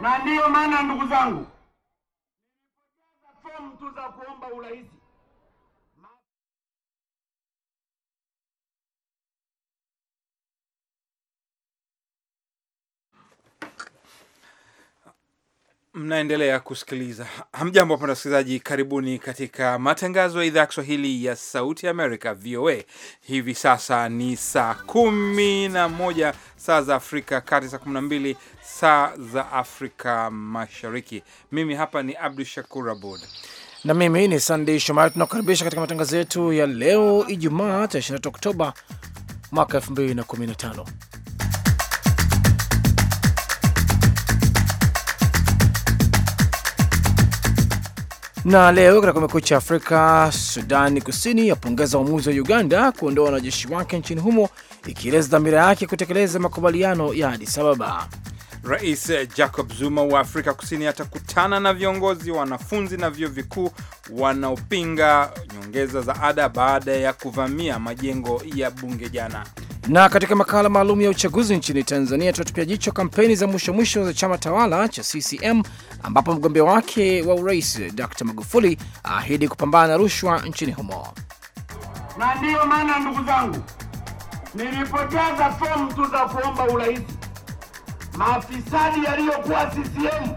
na ndiyo maana ndugu zangu, nilipojaza fomu tu za kuomba urais Mnaendelea kusikiliza. Hamjambo wapenda wasikilizaji, karibuni katika matangazo ya idhaa ya Kiswahili ya Sauti ya Amerika, VOA. Hivi sasa ni saa kumi na moja saa za Afrika kati, saa kumi na mbili saa za Afrika Mashariki. Mimi hapa ni Abdu Shakur Abud na mimi ni sandey Shomari. Tunakukaribisha katika matangazo yetu ya leo Ijumaa tarehe 23 Oktoba mwaka 2015. Na leo katika Kumekucha Afrika, Sudani Kusini yapongeza uamuzi wa Uganda kuondoa wanajeshi wake nchini humo, ikieleza dhamira yake kutekeleza makubaliano ya Addis Ababa. Rais eh, Jacob Zuma wa Afrika Kusini atakutana na viongozi wa wanafunzi na vyuo vikuu wanaopinga nyongeza za ada baada ya kuvamia majengo ya bunge jana. Na katika makala maalum ya uchaguzi nchini Tanzania tunatupia jicho kampeni za mwisho mwisho za chama tawala cha CCM ambapo mgombea wake wa urais Dr. Magufuli aahidi kupambana na rushwa nchini humo. Na ndiyo maana ndugu zangu, nilipojaza fomu tu za kuomba urais, maafisadi yaliyokuwa CCM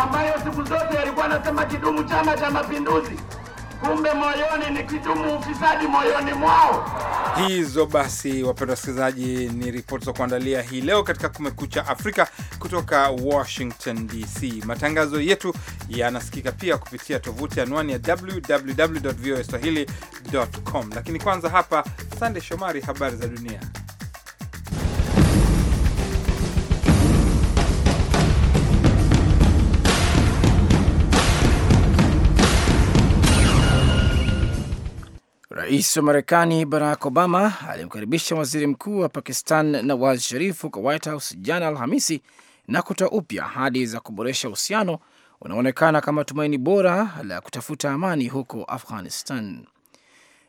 ambayo siku zote yalikuwa anasema kidumu Chama cha Mapinduzi kumbe moyoni ni kitumu, ufisadi moyoni mwao. Hizo basi, wapendwa wasikilizaji, ni ripoti za kuandalia hii leo katika Kumekucha Afrika kutoka Washington DC. Matangazo yetu yanasikika pia kupitia tovuti anwani ya www voa swahili com, lakini kwanza hapa, Sande Shomari, habari za dunia. Rais wa Marekani Barack Obama alimkaribisha waziri mkuu wa Pakistan Nawaz Sharif huko White House jana Alhamisi na kutoa upya ahadi za kuboresha uhusiano unaonekana kama tumaini bora la kutafuta amani huko Afghanistan.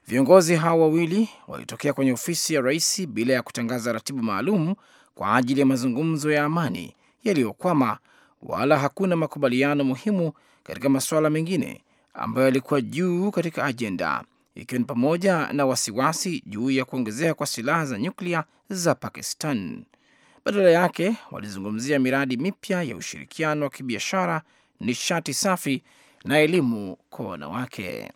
Viongozi hao wawili walitokea kwenye ofisi ya rais bila ya kutangaza ratibu maalum kwa ajili ya mazungumzo ya amani yaliyokwama, wala hakuna makubaliano muhimu katika masuala mengine ambayo yalikuwa juu katika ajenda, ikiwa ni pamoja na wasiwasi juu ya kuongezeka kwa silaha za nyuklia za Pakistan. Badala yake walizungumzia miradi mipya ya ushirikiano wa kibiashara, nishati safi na elimu kwa wanawake.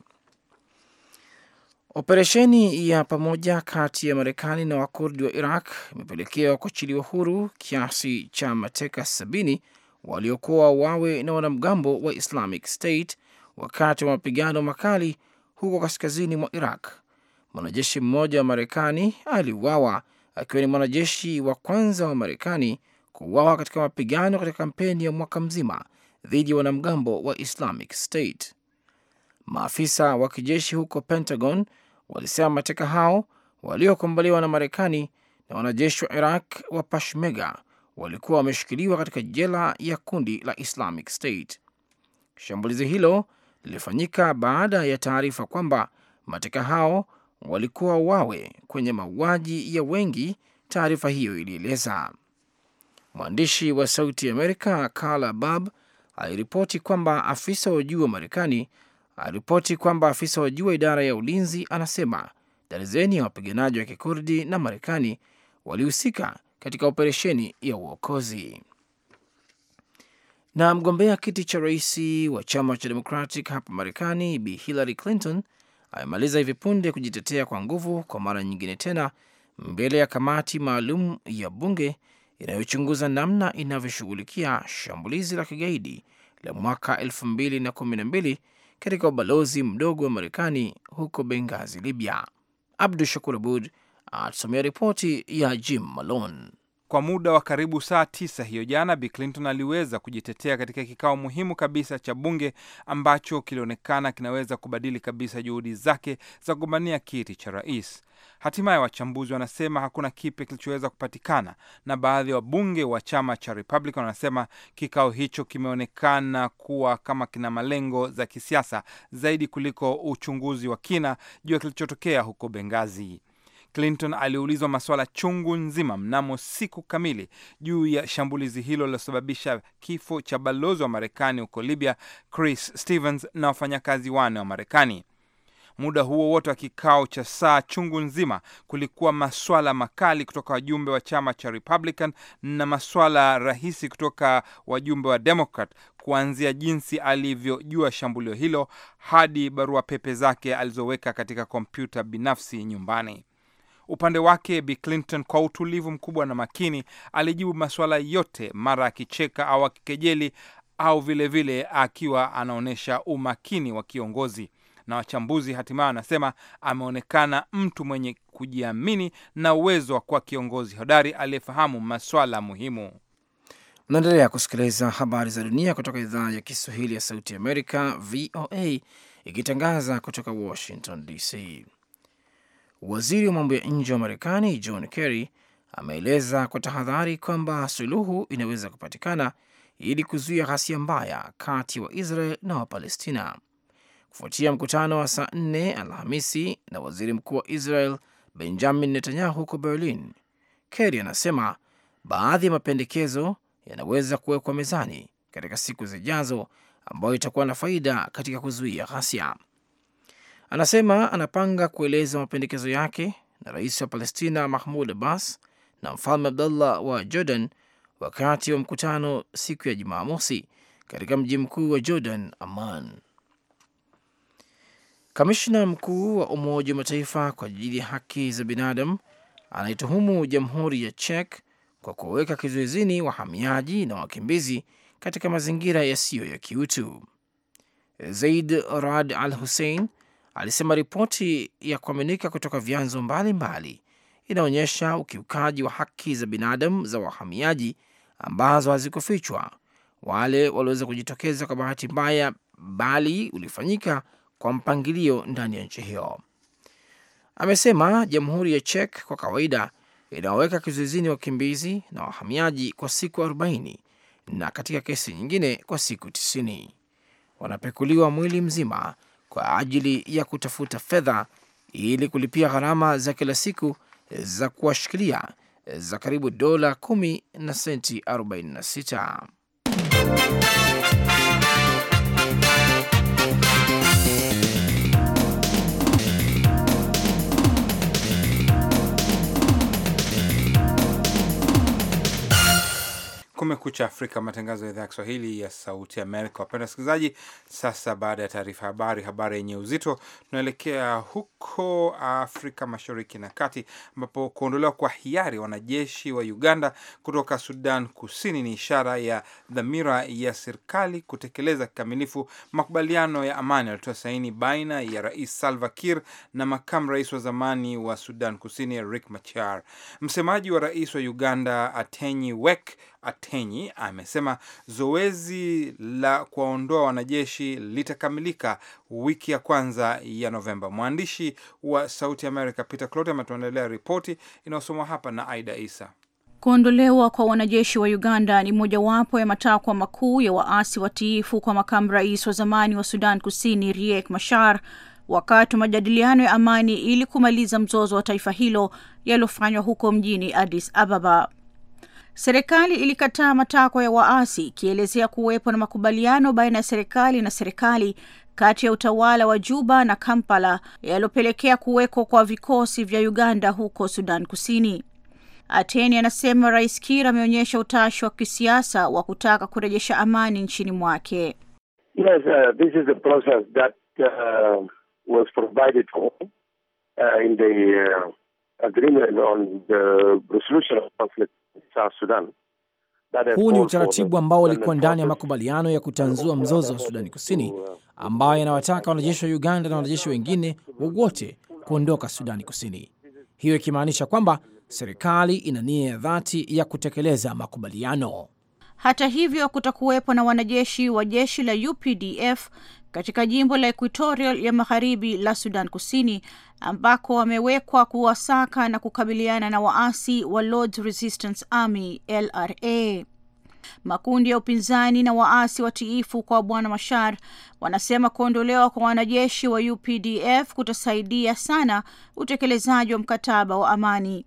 Operesheni ya pamoja kati ya Marekani na Wakurdi wa Iraq imepelekea kuachiliwa huru kiasi cha mateka sabini waliokuwa wawe na wanamgambo wa Islamic State wakati wa mapigano makali huko kaskazini mwa Iraq. Mwanajeshi mmoja wa Marekani aliuawa akiwa ni mwanajeshi wa kwanza wa Marekani kuuawa katika mapigano katika kampeni ya mwaka mzima dhidi ya wanamgambo wa Islamic State. Maafisa wa kijeshi huko Pentagon walisema mateka hao waliokomboliwa na Marekani na wanajeshi wa Iraq wa Peshmerga walikuwa wameshikiliwa katika jela ya kundi la Islamic State. Shambulizi hilo lilifanyika baada ya taarifa kwamba mateka hao walikuwa wawe kwenye mauaji ya wengi, taarifa hiyo ilieleza. Mwandishi wa Sauti Amerika Carla Bab aliripoti kwamba afisa wa juu wa Marekani aliripoti kwamba afisa wa juu wa idara ya ulinzi anasema darzeni ya wapiganaji wa Kikurdi na Marekani walihusika katika operesheni ya uokozi. Na mgombea kiti cha rais wa chama cha Democratic hapa Marekani, Bi Hillary Clinton amemaliza hivi punde kujitetea kwa nguvu kwa mara nyingine tena mbele ya kamati maalum ya bunge inayochunguza namna inavyoshughulikia shambulizi la kigaidi la mwaka elfu katika ubalozi mdogo wa Marekani huko Bengazi, Libya. Abdu Shakur Abud atusomea ripoti ya Jim Malone. Kwa muda wa karibu saa tisa hiyo jana, Bi Clinton aliweza kujitetea katika kikao muhimu kabisa cha bunge ambacho kilionekana kinaweza kubadili kabisa juhudi zake za kugombania kiti cha rais. Hatimaye wachambuzi wanasema hakuna kipya kilichoweza kupatikana, na baadhi ya wa wabunge wa chama cha Republican wanasema kikao hicho kimeonekana kuwa kama kina malengo za kisiasa zaidi kuliko uchunguzi wa kina juu ya kilichotokea huko Bengazi. Clinton aliulizwa maswala chungu nzima mnamo siku kamili juu ya shambulizi hilo lilosababisha kifo cha balozi wa Marekani huko Libya Chris Stevens na wafanyakazi wane wa Marekani. Muda huo wote wa kikao cha saa chungu nzima kulikuwa maswala makali kutoka wajumbe wa chama cha Republican na maswala rahisi kutoka wajumbe wa Democrat, kuanzia jinsi alivyojua shambulio hilo hadi barua pepe zake alizoweka katika kompyuta binafsi nyumbani. Upande wake Bi Clinton kwa utulivu mkubwa na makini alijibu masuala yote, mara akicheka au akikejeli au vilevile vile akiwa anaonyesha umakini wa kiongozi. Na wachambuzi hatimaye wanasema ameonekana mtu mwenye kujiamini na uwezo wa kuwa kiongozi hodari aliyefahamu maswala muhimu. naendelea kusikiliza habari za dunia kutoka idhaa ya Kiswahili ya Sauti Amerika, VOA, ikitangaza kutoka Washington DC. Waziri wa mambo ya nje wa Marekani John Kerry ameeleza kwa tahadhari kwamba suluhu inaweza kupatikana ili kuzuia ghasia mbaya kati wa Israel na Wapalestina kufuatia mkutano wa saa nne Alhamisi na waziri mkuu wa Israel Benjamin Netanyahu huko Berlin. Kerry anasema baadhi ya mapendekezo yanaweza kuwekwa mezani katika siku zijazo ambayo itakuwa na faida katika kuzuia ghasia. Anasema anapanga kueleza mapendekezo yake na rais wa Palestina Mahmud Abbas na mfalme Abdullah wa Jordan wakati wa mkutano siku ya Jumamosi katika mji mkuu wa Jordan, Amman. Kamishna mkuu wa Umoja wa Mataifa kwa ajili ya haki za binadamu anaituhumu Jamhuri ya Czech kwa kuwaweka kizuizini wahamiaji na wakimbizi katika mazingira yasiyo ya kiutu. Zaid Rad Al Hussein alisema ripoti ya kuaminika kutoka vyanzo mbalimbali inaonyesha ukiukaji wa haki za binadamu za wahamiaji ambazo hazikufichwa wale waliweza kujitokeza kwa bahati mbaya, bali ulifanyika kwa mpangilio ndani ya nchi hiyo. Amesema jamhuri ya Czech kwa kawaida inaoweka kizuizini wakimbizi na wahamiaji kwa siku 40 na katika kesi nyingine kwa siku 90. Wanapekuliwa mwili mzima kwa ajili ya kutafuta fedha ili kulipia gharama za kila siku za kuwashikilia za karibu dola 1 na senti 46. Kumekucha Afrika, matangazo ya idhaa ya Kiswahili ya Sauti Amerika. Wapenda wasikilizaji, sasa baada ya taarifa habari, habari yenye uzito, tunaelekea huko Afrika Mashariki na Kati, ambapo kuondolewa kwa hiari wanajeshi wa Uganda kutoka Sudan Kusini ni ishara ya dhamira ya serikali kutekeleza kikamilifu makubaliano ya amani yalitoa saini baina ya Rais Salva Kiir na makamu rais wa zamani wa Sudan Kusini Riek Machar. Msemaji wa rais wa Uganda Atenyi Wek Atenyi amesema zoezi la kuwaondoa wanajeshi litakamilika wiki ya kwanza ya Novemba. Mwandishi wa Sauti America Peter Clote ametuandalia ripoti inayosomwa hapa na Aida Isa. Kuondolewa kwa wanajeshi wa Uganda ni mojawapo ya matakwa makuu ya waasi watiifu kwa makamu rais wa zamani wa Sudan Kusini Riek Machar wakati wa majadiliano ya amani ili kumaliza mzozo wa taifa hilo yaliyofanywa huko mjini Addis Ababa. Serikali ilikataa matakwa ya waasi ikielezea kuwepo na makubaliano baina ya serikali na serikali kati ya utawala wa Juba na Kampala yaliyopelekea kuwekwa kwa vikosi vya Uganda huko Sudan Kusini. Ateni anasema Rais Kiir ameonyesha utashi wa kisiasa wa kutaka kurejesha amani nchini mwake. Yes, uh, this is process that uh, was provided for uh, in the uh, agreement on the resolution of conflict South Sudan. Huu ni utaratibu ambao ulikuwa ndani ya makubaliano ya kutanzua mzozo wa Sudani Kusini, uh, ambayo yanawataka wanajeshi wa Uganda na wanajeshi wengine wowote kuondoka Sudani Kusini, hiyo ikimaanisha kwamba serikali ina nia ya dhati ya kutekeleza makubaliano. Hata hivyo, kutakuwepo na wanajeshi wa jeshi la UPDF katika jimbo la Equatorial ya magharibi la Sudan Kusini, ambako wamewekwa kuwasaka na kukabiliana na waasi wa Lords Resistance Army LRA. Makundi ya upinzani na waasi watiifu kwa Bwana Mashar wanasema kuondolewa kwa wanajeshi wa UPDF kutasaidia sana utekelezaji wa mkataba wa amani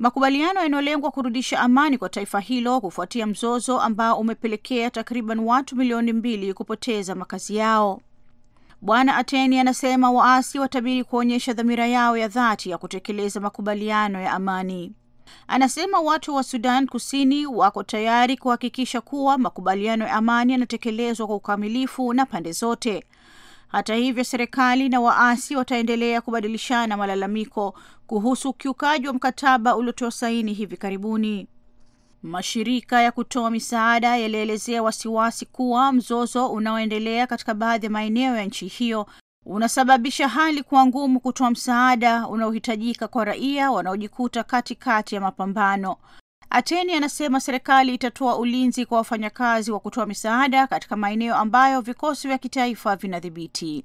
makubaliano yanayolengwa kurudisha amani kwa taifa hilo kufuatia mzozo ambao umepelekea takriban watu milioni mbili kupoteza makazi yao. Bwana Ateni anasema waasi watabidi kuonyesha dhamira yao ya dhati ya kutekeleza makubaliano ya amani. Anasema watu wa Sudan Kusini wako tayari kuhakikisha kuwa makubaliano ya amani yanatekelezwa kwa ukamilifu na pande zote, hata hivyo, serikali na waasi wataendelea kubadilishana malalamiko kuhusu ukiukaji wa mkataba uliotoa saini hivi karibuni. Mashirika ya kutoa misaada yalielezea wasiwasi kuwa mzozo unaoendelea katika baadhi ya maeneo ya nchi hiyo unasababisha hali kuwa ngumu kutoa msaada unaohitajika kwa raia wanaojikuta katikati ya mapambano. Ateni anasema serikali itatoa ulinzi kwa wafanyakazi wa kutoa misaada katika maeneo ambayo vikosi vya kitaifa vinadhibiti.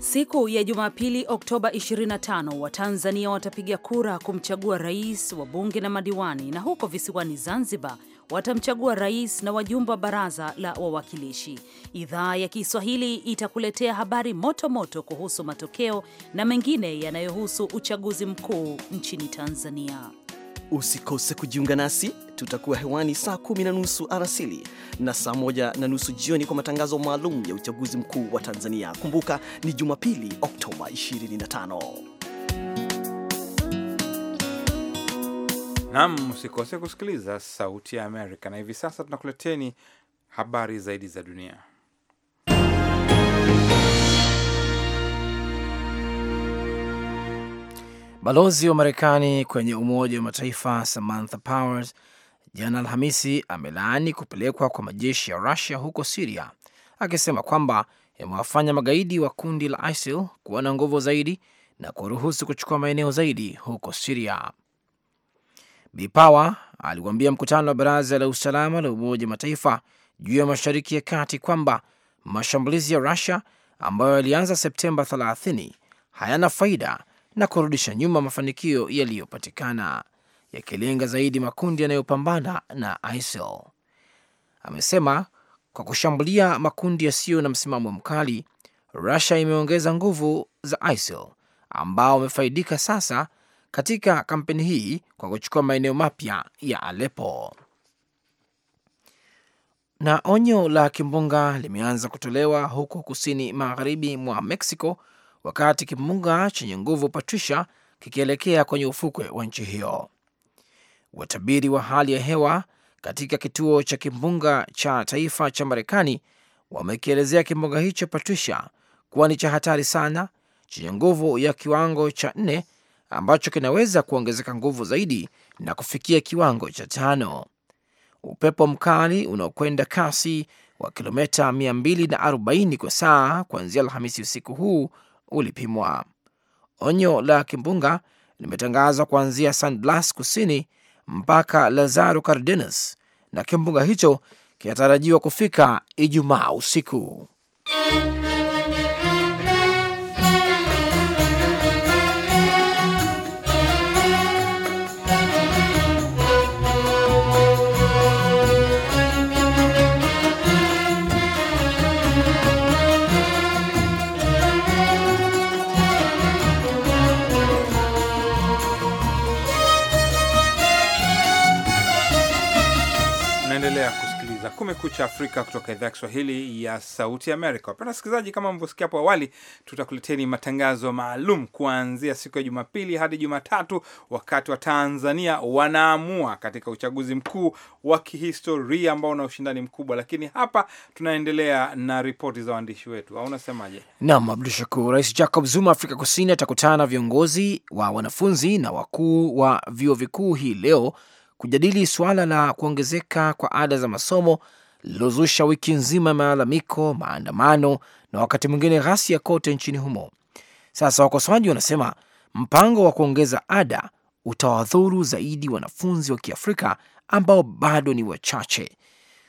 Siku ya Jumapili, Oktoba 25, Watanzania watapiga kura kumchagua rais, wabunge na madiwani. Na huko visiwani Zanzibar, watamchagua rais na wajumbe wa baraza la wawakilishi. Idhaa ya Kiswahili itakuletea habari moto moto kuhusu matokeo na mengine yanayohusu uchaguzi mkuu nchini Tanzania. Usikose kujiunga nasi, tutakuwa hewani saa kumi na nusu arasili na saa moja na nusu jioni kwa matangazo maalum ya uchaguzi mkuu wa Tanzania. Kumbuka ni Jumapili, Oktoba 25. nam msikose kusikiliza Sauti ya Amerika, na hivi sasa tunakuleteni habari zaidi za dunia. Balozi wa Marekani kwenye Umoja wa Mataifa Samantha Powers jana Alhamisi amelaani kupelekwa kwa majeshi ya Rusia huko Siria, akisema kwamba yamewafanya magaidi wa kundi la ISIL kuwa na nguvu zaidi na kuruhusu kuchukua maeneo zaidi huko Siria. Bipawa Power aliwaambia mkutano wa baraza la usalama la Umoja Mataifa juu ya Mashariki ya Kati kwamba mashambulizi ya Rusia ambayo yalianza Septemba 30 hayana faida na kurudisha nyuma mafanikio yaliyopatikana, yakilenga zaidi makundi yanayopambana na ISIL. Amesema kwa kushambulia makundi yasiyo na msimamo mkali, Rusia imeongeza nguvu za ISIL ambao wamefaidika sasa katika kampeni hii kwa kuchukua maeneo mapya ya alepo Na onyo la kimbunga limeanza kutolewa huko kusini magharibi mwa Mexico wakati kimbunga chenye nguvu Patricia kikielekea kwenye ufukwe wa nchi hiyo. Watabiri wa hali ya hewa katika kituo cha kimbunga cha taifa cha Marekani wamekielezea kimbunga hicho Patricia kuwa ni cha hatari sana chenye nguvu ya kiwango cha nne ambacho kinaweza kuongezeka nguvu zaidi na kufikia kiwango cha tano. Upepo mkali unaokwenda kasi wa kilomita 240 kwa saa kuanzia Alhamisi usiku huu ulipimwa. Onyo la kimbunga limetangazwa kuanzia San Blas kusini mpaka Lazaro Cardenas, na kimbunga hicho kinatarajiwa kufika Ijumaa usiku. Naendelea kusikiliza Kumekucha Afrika kutoka idhaa ya Kiswahili ya Sauti Amerika. Wapenda wasikilizaji, kama mlivyosikia hapo awali, tutakuleteni matangazo maalum kuanzia siku ya Jumapili hadi Jumatatu, wakati wa Tanzania wanaamua katika uchaguzi mkuu wa kihistoria ambao una ushindani mkubwa. Lakini hapa tunaendelea na ripoti za waandishi wetu, au unasemaje? Naam, Abdu Shakur. Rais Jacob Zuma Afrika Kusini atakutana na viongozi wa wanafunzi na wakuu wa vyuo vikuu hii leo kujadili suala la kuongezeka kwa ada za masomo lililozusha wiki nzima ya malalamiko, maandamano na wakati mwingine ghasia kote nchini humo. Sasa wakosoaji wanasema mpango wa kuongeza ada utawadhuru zaidi wanafunzi wa Kiafrika ambao bado ni wachache.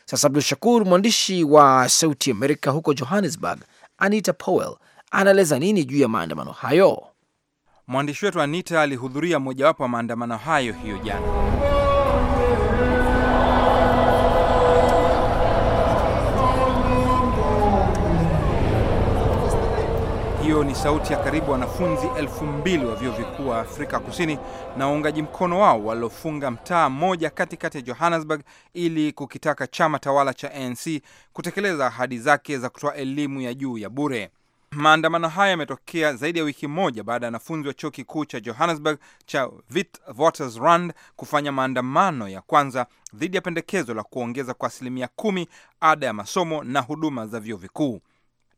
Sasa abdu Shakur, mwandishi wa Sauti Amerika huko Johannesburg, Anita Powell anaeleza nini juu ya maandamano hayo? Mwandishi wetu Anita alihudhuria mojawapo wa maandamano hayo hiyo jana. Hiyo ni sauti ya karibu wanafunzi elfu mbili wa vyuo vikuu wa Afrika Kusini na waungaji mkono wao waliofunga mtaa mmoja katikati ya Johannesburg ili kukitaka chama tawala cha ANC kutekeleza ahadi zake za kutoa elimu ya juu ya bure. Maandamano haya yametokea zaidi ya wiki moja baada ya wanafunzi wa chuo kikuu cha Johannesburg cha Witwatersrand kufanya maandamano ya kwanza dhidi ya pendekezo la kuongeza kwa asilimia kumi ada ya masomo na huduma za vyuo vikuu.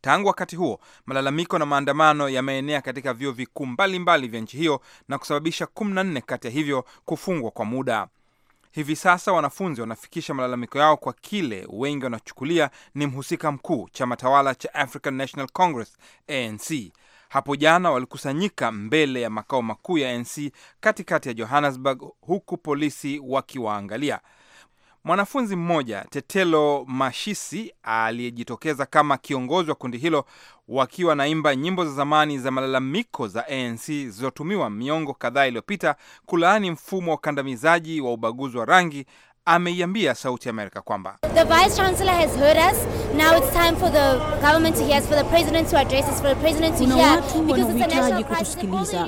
Tangu wakati huo malalamiko na maandamano yameenea katika vyuo vikuu mbalimbali vya nchi hiyo na kusababisha 14 kati ya hivyo kufungwa kwa muda. Hivi sasa wanafunzi wanafikisha malalamiko yao kwa kile wengi wanachukulia ni mhusika mkuu, chama tawala cha African National Congress, ANC. Hapo jana walikusanyika mbele ya makao makuu ya ANC katikati ya Johannesburg, huku polisi wakiwaangalia. Mwanafunzi mmoja Tetelo Mashisi aliyejitokeza kama kiongozi wa kundi hilo, wakiwa naimba nyimbo za zamani za malalamiko za ANC zilizotumiwa miongo kadhaa iliyopita kulaani mfumo wa ukandamizaji wa ubaguzi wa rangi, ameiambia Sauti Amerika kwamba watu wanaohitaji kutusikiliza.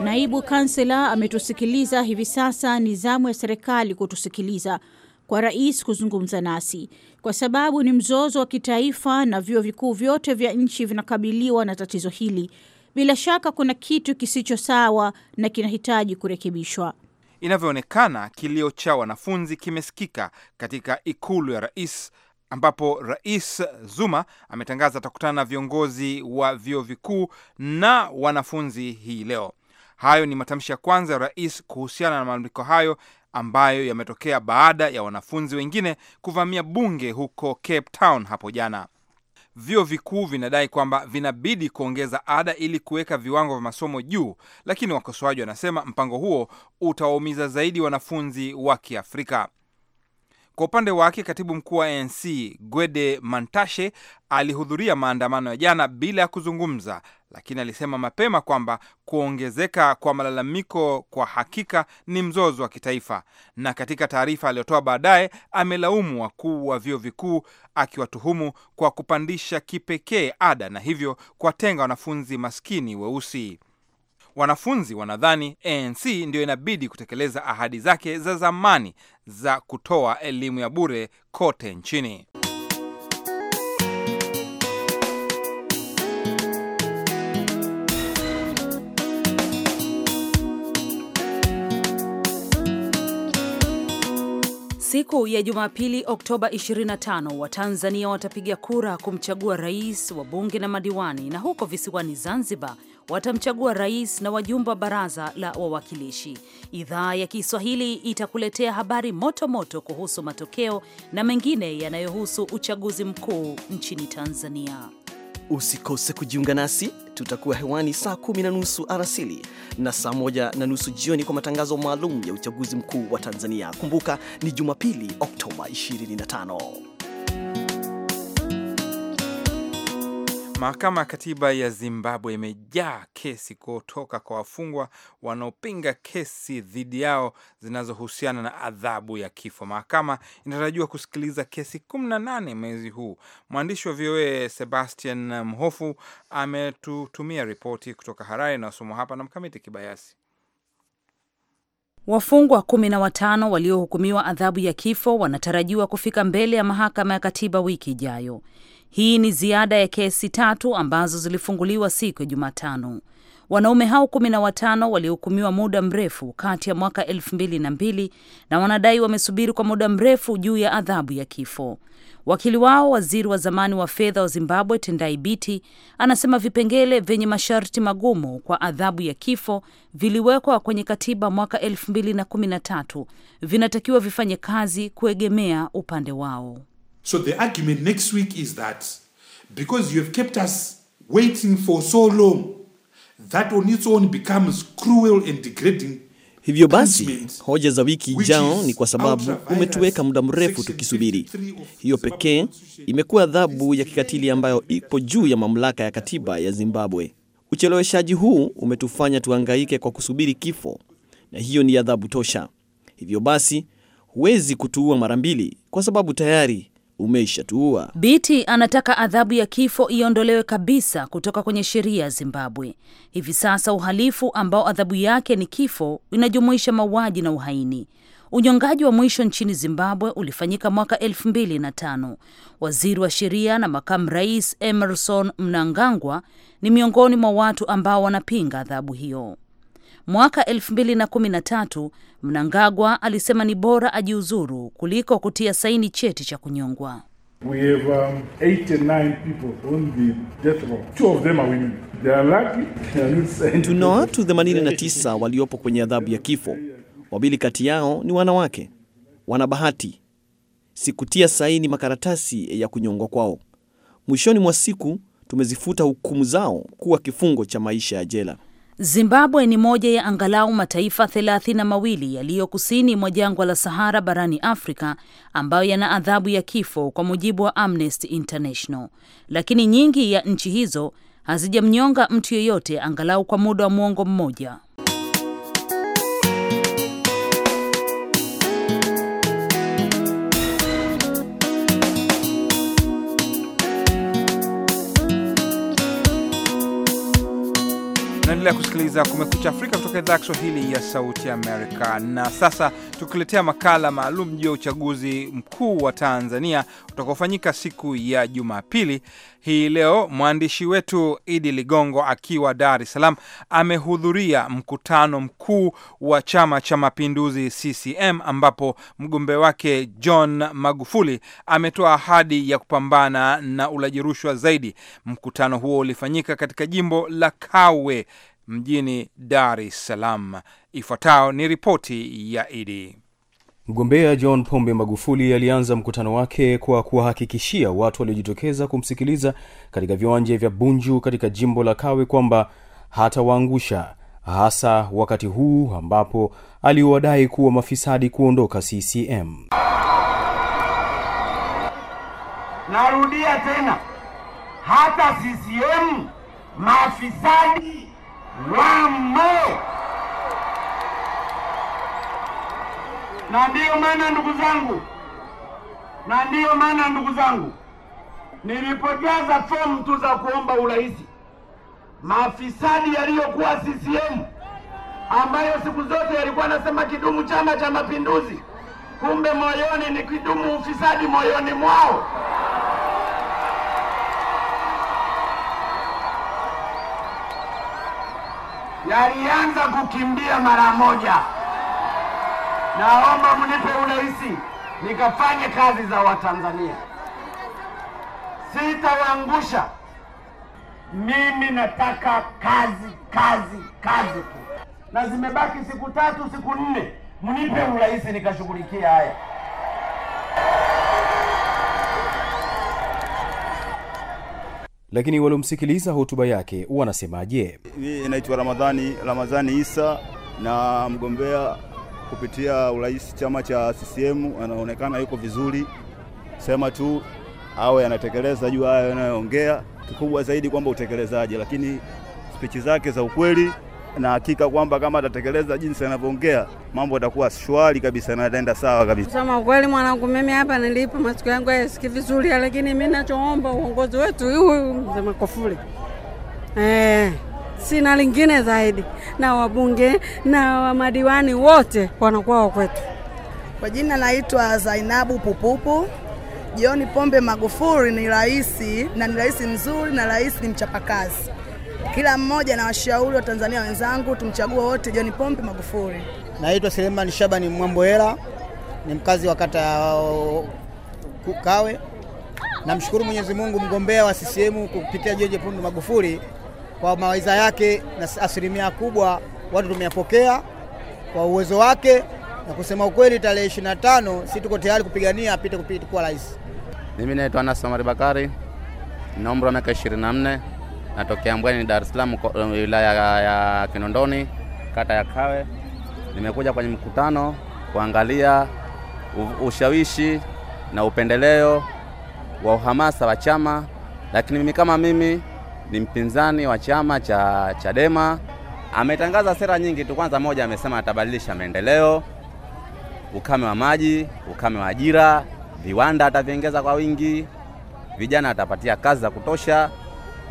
Naibu kansela ametusikiliza, hivi sasa ni zamu ya serikali kutusikiliza kwa rais kuzungumza nasi kwa sababu ni mzozo wa kitaifa na vyuo vikuu vyote vya nchi vinakabiliwa na tatizo hili. Bila shaka kuna kitu kisicho sawa na kinahitaji kurekebishwa. Inavyoonekana, kilio cha wanafunzi kimesikika katika ikulu ya rais ambapo Rais Zuma ametangaza atakutana na viongozi wa vyuo vikuu na wanafunzi hii leo. Hayo ni matamshi ya kwanza ya rais kuhusiana na malalamiko hayo ambayo yametokea baada ya wanafunzi wengine kuvamia bunge huko Cape Town hapo jana. Vyuo vikuu vinadai kwamba vinabidi kuongeza ada ili kuweka viwango vya masomo juu, lakini wakosoaji wanasema mpango huo utawaumiza zaidi wanafunzi wa Kiafrika. Kwa upande wake katibu mkuu wa ANC Gwede Mantashe alihudhuria maandamano ya jana bila ya kuzungumza, lakini alisema mapema kwamba kuongezeka kwa malalamiko kwa hakika ni mzozo wa kitaifa. Na katika taarifa aliyotoa baadaye, amelaumu wakuu wa vyuo vikuu akiwatuhumu kwa kupandisha kipekee ada na hivyo kuwatenga wanafunzi maskini weusi. Wanafunzi wanadhani ANC ndiyo inabidi kutekeleza ahadi zake za zamani za kutoa elimu ya bure kote nchini. Siku ya Jumapili, Oktoba 25, Watanzania watapiga kura kumchagua rais, wabunge na madiwani. Na huko visiwani Zanzibar, watamchagua rais na wajumbe wa baraza la wawakilishi. Idhaa ya Kiswahili itakuletea habari moto moto kuhusu matokeo na mengine yanayohusu uchaguzi mkuu nchini Tanzania. Usikose kujiunga nasi, tutakuwa hewani saa kumi na nusu arasili na saa moja na nusu jioni kwa matangazo maalum ya uchaguzi mkuu wa Tanzania. Kumbuka ni Jumapili, Oktoba 25. Mahakama ya Katiba ya Zimbabwe imejaa kesi kutoka kwa wafungwa wanaopinga kesi dhidi yao zinazohusiana na adhabu ya kifo. Mahakama inatarajiwa kusikiliza kesi 18 mwezi huu. Mwandishi wa VOA Sebastian Mhofu ametutumia ripoti kutoka Harare inayosomwa hapa na Mkamiti Kibayasi. Wafungwa kumi na watano waliohukumiwa adhabu ya kifo wanatarajiwa kufika mbele ya mahakama ya katiba wiki ijayo. Hii ni ziada ya kesi tatu ambazo zilifunguliwa siku ya Jumatano. Wanaume hao kumi na watano walihukumiwa muda mrefu kati ya mwaka elfu mbili na mbili na wanadai wamesubiri kwa muda mrefu juu ya adhabu ya kifo. Wakili wao, waziri wa zamani wa fedha wa Zimbabwe Tendai Biti, anasema vipengele vyenye masharti magumu kwa adhabu ya kifo viliwekwa kwenye katiba mwaka elfu mbili na kumi na tatu vinatakiwa vifanye kazi kuegemea upande wao. So the argument next week is that because you have kept us waiting for so long, that on its own becomes cruel and degrading. Hivyo basi hoja za wiki ijao ni kwa sababu umetuweka muda mrefu tukisubiri. Hiyo pekee imekuwa adhabu ya kikatili ambayo ipo juu ya mamlaka ya katiba ya Zimbabwe. Ucheleweshaji huu umetufanya tuhangaike kwa kusubiri kifo, na hiyo ni adhabu tosha. Hivyo basi huwezi kutuua mara mbili kwa sababu tayari umeishatua Biti anataka adhabu ya kifo iondolewe kabisa kutoka kwenye sheria ya Zimbabwe. Hivi sasa uhalifu ambao adhabu yake ni kifo inajumuisha mauaji na uhaini. Unyongaji wa mwisho nchini Zimbabwe ulifanyika mwaka elfu mbili na tano. Waziri wa sheria na makamu rais Emerson Mnangagwa ni miongoni mwa watu ambao wanapinga adhabu hiyo. Mwaka elfu mbili na kumi na tatu Mnangagwa alisema ni bora ajiuzuru kuliko kutia saini cheti cha kunyongwa. Tuna watu 89 waliopo kwenye adhabu ya kifo. Wawili kati yao ni wanawake. Wana bahati. Sikutia saini makaratasi ya kunyongwa kwao. Mwishoni mwa siku tumezifuta hukumu zao kuwa kifungo cha maisha ya jela. Zimbabwe ni moja ya angalau mataifa thelathini na mawili yaliyo kusini mwa jangwa la Sahara barani Afrika ambayo yana adhabu ya kifo kwa mujibu wa Amnesty International, lakini nyingi ya nchi hizo hazijamnyonga mtu yeyote angalau kwa muda wa mwongo mmoja. Unaendelea kusikiliza Kumekucha Afrika kutoka idhaa ya Kiswahili ya Sauti Amerika. Na sasa tukiletea makala maalum juu ya uchaguzi mkuu wa Tanzania utakaofanyika siku ya Jumapili hii leo. Mwandishi wetu Idi Ligongo akiwa Dar es Salaam amehudhuria mkutano mkuu wa Chama cha Mapinduzi CCM, ambapo mgombea wake John Magufuli ametoa ahadi ya kupambana na ulaji rushwa zaidi. Mkutano huo ulifanyika katika jimbo la Kawe mjini Dar es Salaam. Ifuatayo ni ripoti ya Idi. Mgombea John Pombe Magufuli alianza mkutano wake kwa kuwahakikishia watu waliojitokeza kumsikiliza katika viwanja vya Bunju katika jimbo la Kawe kwamba hatawaangusha, hasa wakati huu ambapo aliwadai kuwa mafisadi kuondoka CCM. Narudia tena, hata CCM mafisadi wamo, na ndiyo maana ndugu zangu, na ndiyo maana ndugu zangu, nilipojaza fomu tu za kuomba urais, mafisadi yaliyokuwa CCM ambayo siku zote yalikuwa nasema kidumu Chama cha Mapinduzi, kumbe moyoni ni kidumu ufisadi moyoni mwao. yalianza kukimbia mara moja. Naomba mnipe urahisi nikafanye kazi za Watanzania, sitawaangusha. Mimi nataka kazi, kazi, kazi tu, na zimebaki siku tatu, siku nne, mnipe urahisi nikashughulikia haya. lakini waliomsikiliza hotuba yake wanasemaje? Mimi naitwa Ramadhani Ramadhani Isa na mgombea kupitia urahisi chama cha CCM, anaonekana yuko vizuri, sema tu awe anatekeleza juu hayo anayoongea, kikubwa zaidi kwamba utekelezaji, lakini spichi zake za ukweli na hakika kwamba kama atatekeleza jinsi anavyoongea mambo yatakuwa shwari kabisa na yataenda sawa kabisa. Sema kweli, mwanangu, mimi hapa nilipo masiku yangu hayasikii vizuri, lakini mimi nachoomba uongozi wetu huyu mzee Makofuli eh, sina lingine zaidi, na wabunge na wamadiwani wote wanakuwa wa kwetu. Kwa jina naitwa Zainabu Pupupu. John Pombe Magufuli ni rais na ni rais mzuri na rais ni mchapakazi. Kila mmoja na washauri wa Tanzania wenzangu tumchague wote John Pombe Magufuli. Naitwa Selemani Shabani Mwamboela, ni mkazi wa kata ya Kawe. Namshukuru Mwenyezi Mungu mgombea wa CCM kupitia John Pombe Magufuli kwa mawaidha yake na asilimia kubwa watu tumeyapokea kwa uwezo wake, na kusema ukweli, tarehe 25 si tuko tayari kupigania apite kuwa rais. Mimi naitwa Anas Omar Bakari, na umri wa miaka 24. Natokea Mbweni, Dar es Salaam, eh, wilaya ya, ya Kinondoni, kata ya Kawe. Nimekuja kwenye mkutano kuangalia ushawishi na upendeleo wa uhamasa wa chama, lakini mimi kama mimi ni mpinzani wa chama cha Chadema. Ametangaza sera nyingi tu. Kwanza moja, amesema atabadilisha maendeleo, ukame wa maji, ukame wa ajira, viwanda ataviongeza kwa wingi, vijana atapatia kazi za kutosha.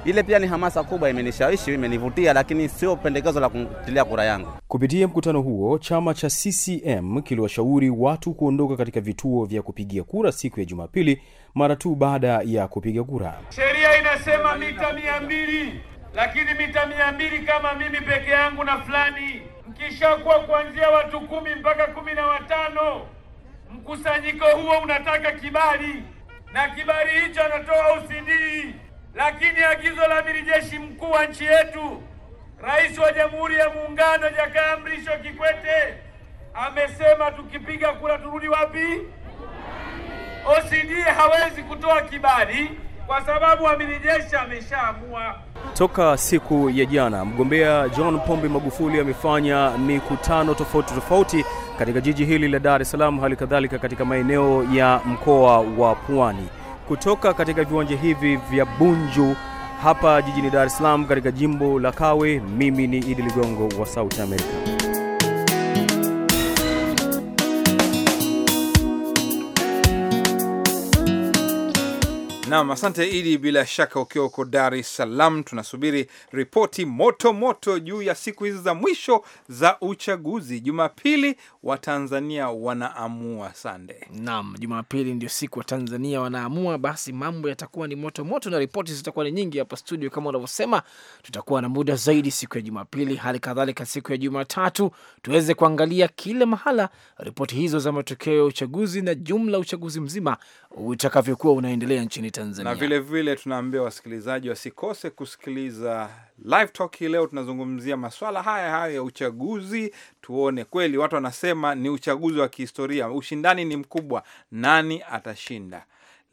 Ile pia ni hamasa kubwa, imenishawishi imenivutia, lakini sio pendekezo la kutilia kura yangu. Kupitia mkutano huo, chama cha CCM kiliwashauri watu kuondoka katika vituo vya kupigia kura siku ya Jumapili mara tu baada ya kupiga kura. Sheria inasema mita mia mbili, lakini mita mia mbili kama mimi peke yangu na fulani, mkishakuwa kuanzia watu kumi mpaka kumi na watano, mkusanyiko huo unataka kibali na kibali hicho anatoa OCD. Lakini agizo la amiri jeshi mkuu wa nchi yetu, Rais wa Jamhuri ya Muungano Jakaya Mrisho Kikwete amesema tukipiga kura turudi wapi? OCD hawezi kutoa kibali kwa sababu amiri jeshi ameshaamua. Toka siku ya jana, mgombea John Pombe Magufuli amefanya mikutano tofauti tofauti katika jiji hili la Dar es Salaam, hali kadhalika katika maeneo ya mkoa wa Pwani kutoka katika viwanja hivi vya Bunju hapa jijini Dar es Salaam katika jimbo la Kawe. Mimi ni Idi Ligongo wa south america Nam, asante Idi. Bila shaka ukiwa huko Dar es Salaam, tunasubiri ripoti moto moto juu ya siku hizi za mwisho za uchaguzi. Jumapili Watanzania wanaamua. Sande. Nam, Jumapili ndio siku Watanzania wanaamua, basi mambo yatakuwa ni moto moto na ripoti zitakuwa ni nyingi hapa studio. Kama unavyosema, tutakuwa na muda zaidi siku ya Jumapili, hali kadhalika siku ya Jumatatu tuweze kuangalia kila mahala ripoti hizo za matokeo ya uchaguzi na jumla uchaguzi mzima utakavyokuwa unaendelea nchini Tanzania. Na vile vile tunaambia wasikilizaji wasikose kusikiliza live talk hii leo. Tunazungumzia maswala haya haya ya uchaguzi, tuone kweli watu wanasema ni uchaguzi wa kihistoria, ushindani ni mkubwa, nani atashinda?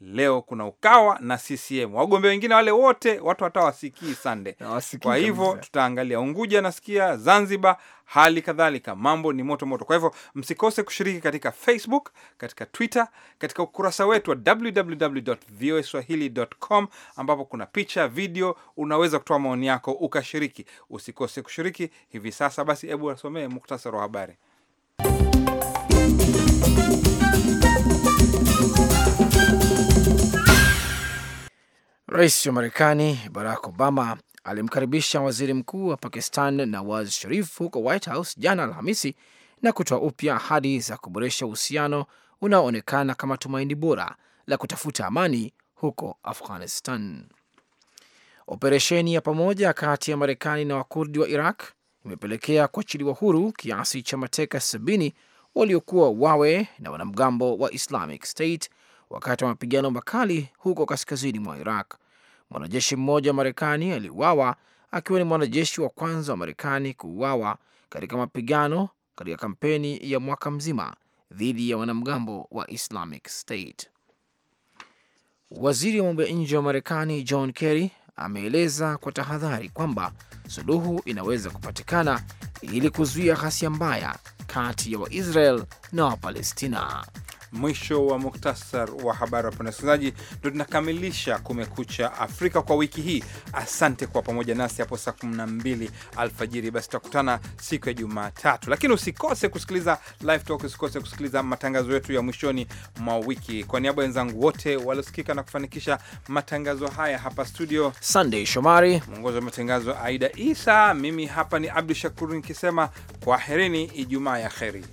leo kuna Ukawa na CCM, wagombea wengine wale wote watu hatawasikii sande. Kwa hivyo tutaangalia Unguja, nasikia Zanzibar, hali kadhalika mambo ni moto moto. Kwa hivyo msikose kushiriki katika Facebook, katika Twitter, katika ukurasa wetu wa www.voaswahili.com ambapo kuna picha, video, unaweza kutoa maoni yako ukashiriki. Usikose kushiriki hivi sasa. Basi hebu wasomee muktasari wa habari. Rais wa Marekani Barack Obama alimkaribisha waziri mkuu wa Pakistan Nawaz Sharif huko White House jana Alhamisi na kutoa upya ahadi za kuboresha uhusiano unaoonekana kama tumaini bora la kutafuta amani huko Afghanistan. Operesheni ya pamoja kati ya Marekani na Wakurdi wa Iraq imepelekea kuachiliwa huru kiasi cha mateka sabini waliokuwa wawe na wanamgambo wa Islamic State wakati wa mapigano makali huko kaskazini mwa Iraq mwanajeshi mmoja wa Marekani aliuawa akiwa ni mwanajeshi wa kwanza wa Marekani kuuawa katika mapigano katika kampeni ya mwaka mzima dhidi ya wanamgambo wa Islamic State. Waziri wa mambo ya nje wa Marekani John Kerry ameeleza kwa tahadhari kwamba suluhu inaweza kupatikana ili kuzuia ghasia mbaya kati ya Waisrael na Wapalestina. Mwisho wa muhtasar wa habari. Wapenda wasikilizaji, ndo tunakamilisha Kumekucha Afrika kwa wiki hii. Asante kwa pamoja nasi hapo saa 12 alfajiri. Basi tutakutana siku ya Jumatatu, lakini usikose kusikiliza live talk, usikose kusikiliza matangazo yetu ya mwishoni mwa wiki. Kwa niaba ya wenzangu wote waliosikika na kufanikisha matangazo haya hapa studio, Sandey Shomari mwongozi wa matangazo, Aida Isa, mimi hapa ni Abdu Shakur nikisema kwaherini, Ijumaa ya kheri.